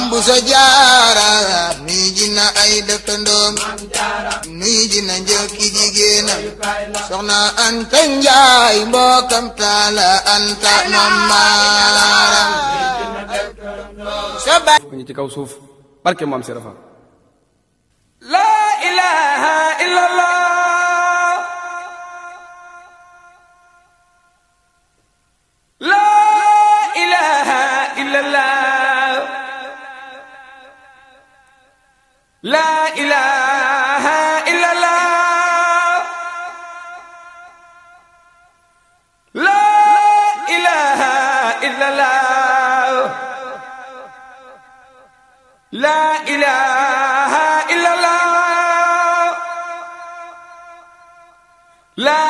maam bu so jaara nuy ji na ay dëkkandoom nuy ji na njëkki jigéenam soxna Anta Njaay mbokkam taala Anta maam maaram ko ñu ci kaw suuf barke maam si rafal laa ilaaha illallah ilaha illallah la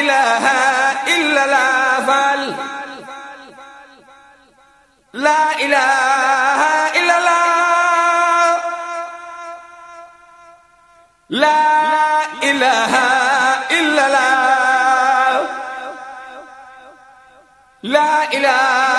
ilaha illallah fal la ilaha illallah la ilaha illallah la ilaha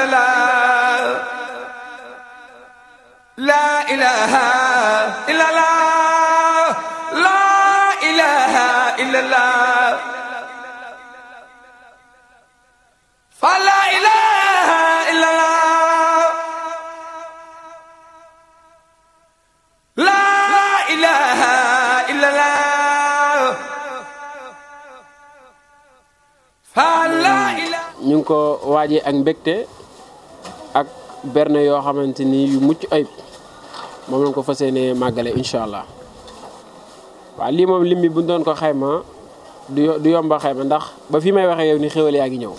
إلا الله لا إله إلا الله لا إله إلا الله فلا إله إلا الله لا إله إلا الله فلا إله ñu ngi ko waajee ak mbégte berne yoo xamante ni yu mucc ayib moom lañ ko fa yéenee màggale incha allah waaw lii moom lim bi buñ doon ko xayma du yomba xayma ndax ba fi may waxee yow ni xéwal yaa ngi ñëw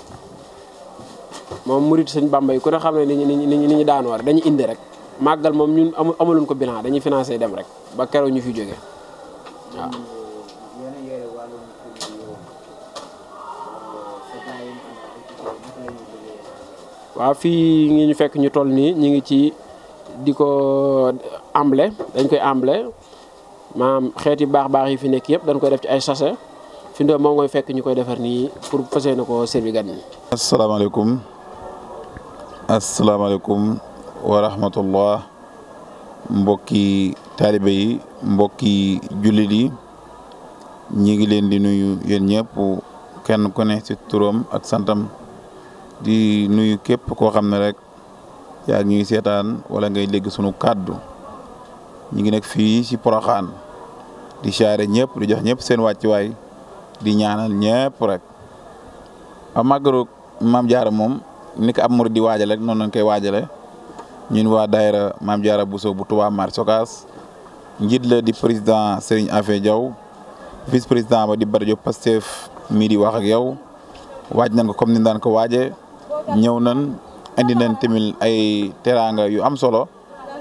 moom murit sëñ Bàmba yi ku ne xam ne ni ñi ni ñu daan war dañu indi rek màggal moom ñun amuloon ko bilan dañuy financé dem rek ba keroog ñu fi jóge waaw. waaw fii ngi ñu fekk ñu toll nii ñu ngi ci di ko amble dañ koy amble maanaam xeeti baax baax yi fi nekk yëpp dañ koy def ci ay sachet fi mu moom mooy fekk ñu koy defar nii pour fas yéene ko servi gan ñi. asalaamaaleykum asalaamaaleykum wa rahmatullah mbokki taalibe yi mbokki jullit yi ñi ngi leen di nuyu yéen ñëpp kenn ku ne ci turam ak santam. di nuyu képp koo xam ne rek yaa ngi seetaan wala ngay dégg sunu kàddu ñu ngi nekk fii ci Porokhane di siyaare ñëpp di jox ñëpp seen wàccuwaay di ñaanal ñëpp rek a màggaru Maam Jaara moom ni ko ab murid di waajale rek noonu lañ koy waajale ñun waa daayira Maam Jaara Bousso bu Touba Mar Sogas njiit le di président Serigne Afé Diaw vice président ba di Barjo Pastef mii di wax ak yow waaj nan ko comme ni daan ko waajee ñëw nan indi nañ tamit ay teraanga yu am solo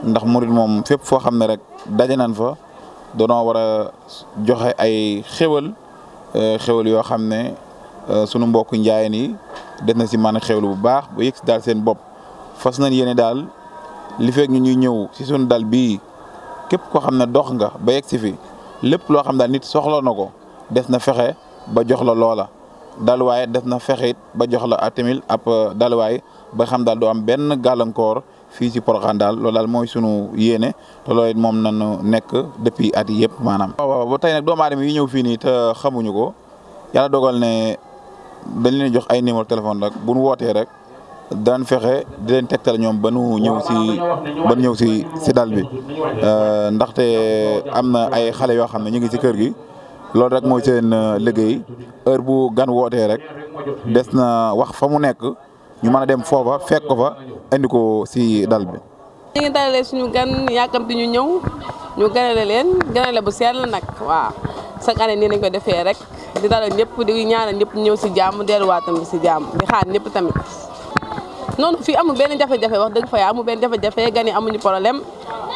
ndax murit moom fépp foo xam ne rek daje nañ fa danoo war a joxe ay xéwal euh, xéwal yoo xam ne euh, sunu mbokku njaayeen yi des na si man xéwal bu baax ba yëg si daal seen bopp fas nañ yéene daal li fekk ñuy ñëw si sunu dal bii képp koo xam ne dox nga ba si fi lépp loo xam daal nit soxla na ko des na fexe ba jox la loola. daluwaay def na fexit ba jox la atamil ab euh, daluwaay ba xam daal doo am benn gàllankoor fii ci Porokhane daal loolu mooy sunu yéene te loolu moom nañu nekk depuis at yii yëpp maanaam. waaw ba tey nag doomu aadama yi ñëw fii nii te xamuñu ko yàlla dogal ne dañ leen jox ay numéro téléphone rek bu nu wootee rek daan fexe di leen tegtal ñoom ba ñëw si ba ñëw si si dal bi euh, ndaxte am na ay xale yoo xam ne ñu ngi si kër gi. loolu rek mooy seen euh, liggéey heure bu gan wootee rek des na wax fa mu nekk ñu mën dem foofa fekk ko fa indi ko si dal bi. ñu ngi suñu gan yàkkamti ñu ñëw ñu ganale leen ganale bu la nag waaw chaque année nii nañ ko defee rek di dalal ñëpp di ñaanal ñëpp ñëw si jàmm delluwaat tamit si jàmm di xaar ñëpp tamit. noonu fii amul benn jafe-jafe wax dëgg fa yaa amul benn jafe-jafe gan yi amuñu problème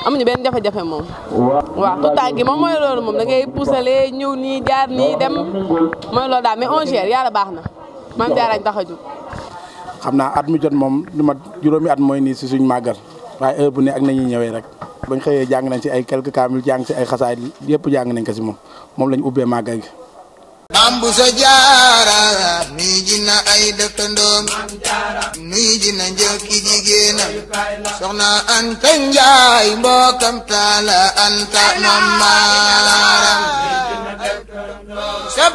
amuñu benn jafe-jafe moom. waaw tout temps gi moom mooy loolu moom da ngay ñëw nii jaar nii dem mooy loolu daal mais on gère baax na maam jaarañ tax a jóg. xam naa at mu jot moom lu mat juróomi at mooy nii si suñ màggal waaye heure bu ne ak nañuy ñëwee rek. bañ xëyee jàng nañ si ay quelques kaamil jàng si ay xasaay yëpp jàng nañ ko si moom moom lañ ubbee màggal gi. Maam jaara mi soxna Anta Njaay mbokkam taala Anta mamaram